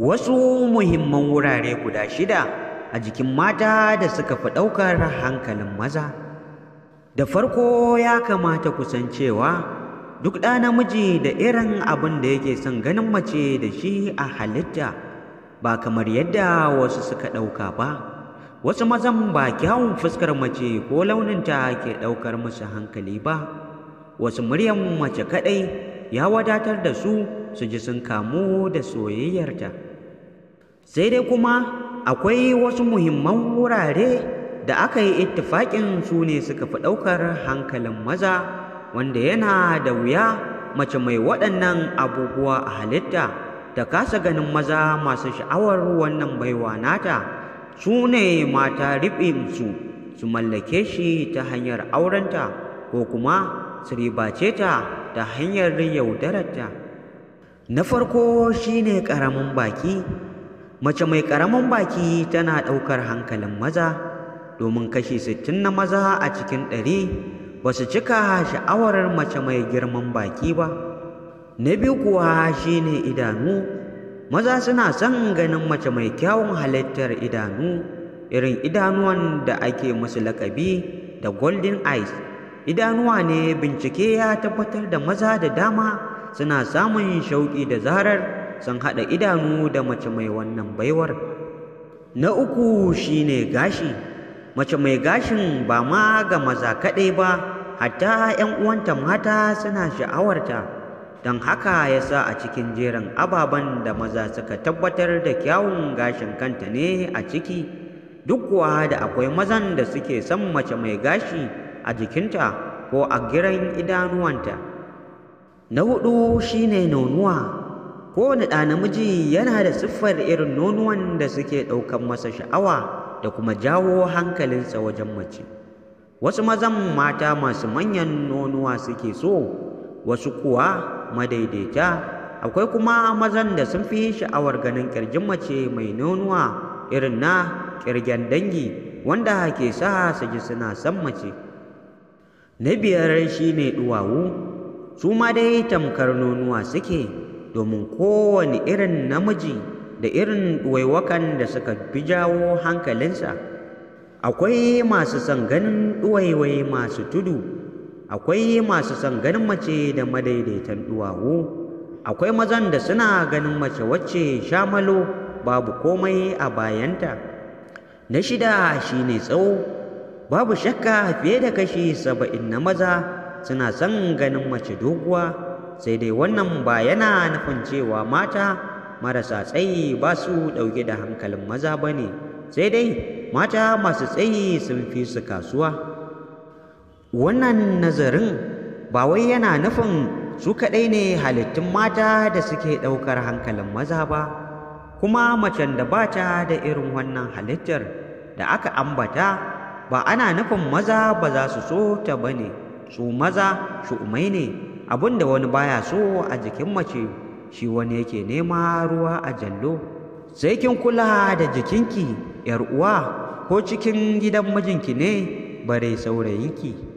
wasu muhimman wurare guda shida a jikin mata da suka fi ɗaukar hankalin maza da farko ya kamata kusan cewa duk ɗa namiji da irin abin da yake son ganin mace da shi a halitta ba kamar yadda wasu suka ɗauka ba wasu mazan ba kyawun fuskar mace ko launinta ke ɗaukar musu hankali ba wasu muryan mace kaɗai ya wadatar da su su ji sun kamu da soyayyarta sai dai kuma akwai wasu muhimman wurare da aka yi ittifaƙin su ne suka fi ɗaukar hankalin maza wanda yana da wuya mace mai waɗannan abubuwa a halitta da kasa ganin maza masu sha'awar wannan baiwa nata su ne mata riɓinsu su su mallake shi ta hanyar aurenta ko kuma su ribace ta ta hanyar yaudararta na farko shine ƙaramin baki mace mai ƙaramin baki tana ɗaukar hankalin maza domin kashi sittin na maza a cikin ɗari ba su cika sha'awar mace mai girman baki ba na biyu kuwa shine idanu maza suna son ganin mace mai kyawun halittar idanu irin idanuwan da ake musu lakabi da golden eyes idanuwa ne bincike ya tabbatar da maza da dama suna samun shauƙi da zarar sun haɗa idanu da mace mai wannan baiwar na uku shine gashi mace mai gashin ba ma ga maza kaɗai ba hatta 'yan uwanta mata suna sha'awarta don haka ya sa a cikin jerin ababen da maza suka tabbatar da kyawun gashin kanta ne a ciki duk kuwa da akwai mazan da suke son mace mai gashi a jikinta ko a giran idanuwanta na hudu shine nonuwa kowane ɗa namiji yana da siffar irin nonuwan da suke ɗaukan masa sha'awa da kuma jawo hankalinsa wajen mace wasu mazan mata masu manyan nonuwa suke so wasu kuwa madaidaita akwai kuma mazan da sun fi sha'awar ganin ƙirjin mace mai nonuwa irin na ƙirgen dangi wanda ke sa su ji suna son mace na biyar shine duwawu su ma dai tamkar nonuwa suke domin kowane irin namiji da irin ɗuwaiwakan da suka fi jawo hankalinsa akwai masu son ganin ɗuwaiwai masu tudu akwai masu son ganin mace da madaidaitan ɗuwawu akwai mazan da suna ganin mace wacce shamalo babu komai a bayanta na shida shine tsawo babu shakka fiye da kashi saba'in na maza suna son ganin mace doguwa sai dai wannan ba yana nufin cewa mata marasa tsayi ba su ɗauke da hankalin maza ba ne sai dai mata masu tsayi sun fi su kasuwa wannan nazarin ba wai yana nufin su kaɗai ne halittun mata da suke ɗaukar hankalin maza ba kuma macen da ba ta da irin wannan halittar da aka ambata ba ana nufin maza ba za su so ta ba ne su maza shu'umai ne abin da wani baya so a jikin mace shi wani yake nema ruwa a jallo sai kin kula da jikinki yar uwa ko cikin gidan mijinki ne bare saurayinki